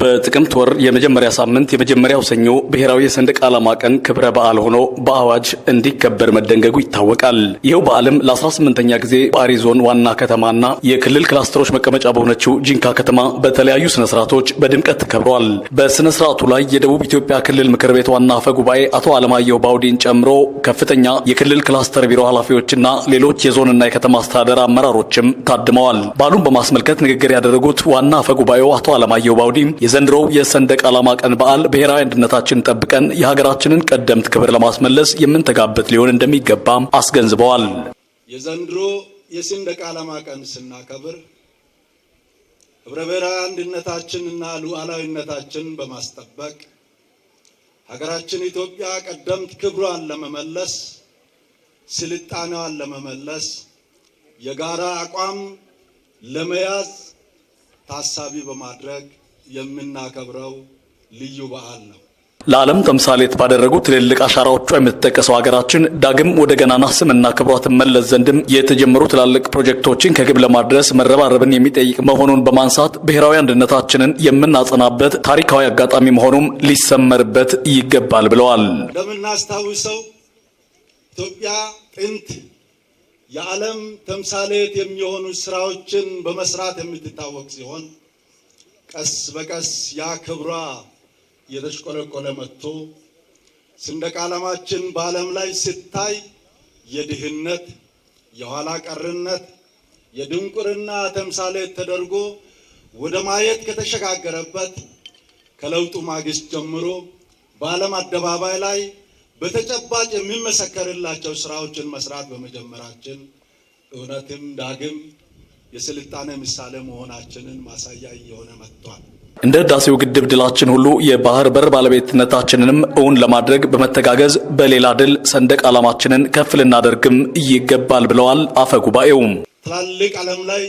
በጥቅምት ወር የመጀመሪያ ሳምንት የመጀመሪያው ሰኞ ብሔራዊ የሰንደቅ ዓላማ ቀን ክብረ በዓል ሆኖ በአዋጅ እንዲከበር መደንገጉ ይታወቃል። ይኸው በዓልም ለ18ኛ ጊዜ በአሪ ዞን ዋና ከተማና የክልል ክላስተሮች መቀመጫ በሆነችው ጂንካ ከተማ በተለያዩ ስነ ስርዓቶች በድምቀት ተከብሯል። በስነ ስርዓቱ ላይ የደቡብ ኢትዮጵያ ክልል ምክር ቤት ዋና አፈ ጉባኤ አቶ አለማየሁ ባውዲን ጨምሮ ከፍተኛ የክልል ክላስተር ቢሮ ኃላፊዎችና ሌሎች የዞንና የከተማ አስተዳደር አመራሮችም ታድመዋል። በዓሉን በማስመልከት ንግግር ያደረጉት ዋና አፈ ጉባኤው አቶ አለማየሁ ባውዲን የዘንድሮው የሰንደቅ ዓላማ ቀን በዓል ብሔራዊ አንድነታችን ጠብቀን የሀገራችንን ቀደምት ክብር ለማስመለስ የምንተጋበት ሊሆን እንደሚገባም አስገንዝበዋል። የዘንድሮ የሰንደቅ ዓላማ ቀን ስናከብር ህብረ ብሔራዊ አንድነታችንና ሉዓላዊነታችን በማስጠበቅ ሀገራችን ኢትዮጵያ ቀደምት ክብሯን ለመመለስ ስልጣኔዋን ለመመለስ የጋራ አቋም ለመያዝ ታሳቢ በማድረግ የምናከብረው ልዩ በዓል ነው። ለዓለም ተምሳሌት ባደረጉ ትልልቅ አሻራዎቿ የምትጠቀሰው ሀገራችን ዳግም ወደ ገናና ስምና ክብሯ ትመለስ ዘንድም የተጀመሩ ትላልቅ ፕሮጀክቶችን ከግብ ለማድረስ መረባረብን የሚጠይቅ መሆኑን በማንሳት ብሔራዊ አንድነታችንን የምናጸናበት ታሪካዊ አጋጣሚ መሆኑም ሊሰመርበት ይገባል ብለዋል። እንደምናስታውሰው ኢትዮጵያ ጥንት የዓለም ተምሳሌት የሚሆኑ ስራዎችን በመስራት የምትታወቅ ሲሆን ቀስ በቀስ ያ ክብሯ የተሽቆለቆለ መጥቶ ሰንደቅ ዓላማችን በዓለም ላይ ሲታይ የድህነት የኋላ ቀርነት የድንቁርና ተምሳሌት ተደርጎ ወደ ማየት ከተሸጋገረበት ከለውጡ ማግስት ጀምሮ በዓለም አደባባይ ላይ በተጨባጭ የሚመሰከርላቸው ስራዎችን መስራት በመጀመራችን እውነትም ዳግም የስልጣኔ ምሳሌ መሆናችንን ማሳያ እየሆነ መጥቷል። እንደ ህዳሴው ግድብ ድላችን ሁሉ የባህር በር ባለቤትነታችንንም እውን ለማድረግ በመተጋገዝ በሌላ ድል ሰንደቅ ዓላማችንን ከፍ ልናደርግም ይገባል ብለዋል አፈ ጉባኤውም። ትላልቅ ዓለም ላይ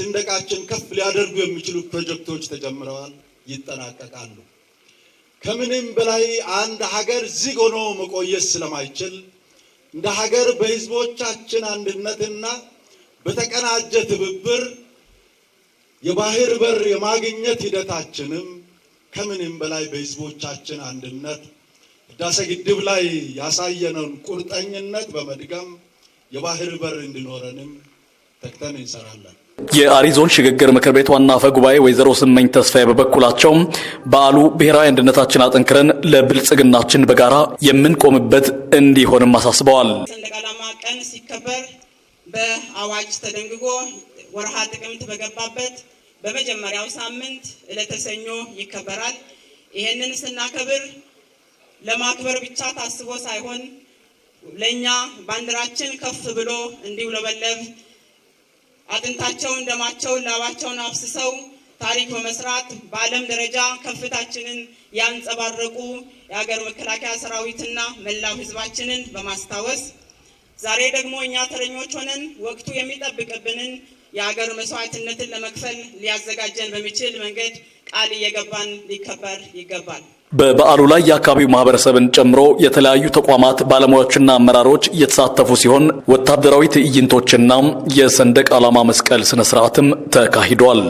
ሰንደቃችን ከፍ ሊያደርጉ የሚችሉ ፕሮጀክቶች ተጀምረዋል፣ ይጠናቀቃሉ። ከምንም በላይ አንድ ሀገር ዝግ ሆኖ መቆየት ስለማይችል እንደ ሀገር በህዝቦቻችን አንድነትና በተቀናጀ ትብብር የባህር በር የማግኘት ሂደታችንም ከምንም በላይ በህዝቦቻችን አንድነት ህዳሴ ግድብ ላይ ያሳየነውን ቁርጠኝነት በመድገም የባህር በር እንዲኖረንም ተግተን እንሰራለን። የአሪዞን ሽግግር ምክር ቤት ዋና አፈ ጉባኤ ወይዘሮ ስመኝ ተስፋዬ በበኩላቸው በዓሉ ብሔራዊ አንድነታችን አጠንክረን ለብልጽግናችን በጋራ የምንቆምበት እንዲሆንም አሳስበዋል። ሰንደቅ ዓላማ ቀን ሲከበር በአዋጅ ተደንግጎ ወርሃ ጥቅምት በገባበት በመጀመሪያው ሳምንት ዕለተ ሰኞ ይከበራል። ይህንን ስናከብር ለማክበር ብቻ ታስቦ ሳይሆን ለእኛ ባንዲራችን ከፍ ብሎ እንዲውለበለብ አጥንታቸውን፣ ደማቸውን፣ ላባቸውን አፍስሰው ታሪክ በመስራት በዓለም ደረጃ ከፍታችንን ያንጸባረቁ የሀገር መከላከያ ሰራዊትና መላው ሕዝባችንን በማስታወስ ዛሬ ደግሞ እኛ ተረኞች ሆነን ወቅቱ የሚጠብቅብንን የሀገር መስዋዕትነትን ለመክፈል ሊያዘጋጀን በሚችል መንገድ ቃል እየገባን ሊከበር ይገባል። በበዓሉ ላይ የአካባቢው ማህበረሰብን ጨምሮ የተለያዩ ተቋማት ባለሙያዎችና አመራሮች እየተሳተፉ ሲሆን ወታደራዊ ትዕይንቶችና የሰንደቅ ዓላማ መስቀል ስነ ስርዓትም ተካሂዷል።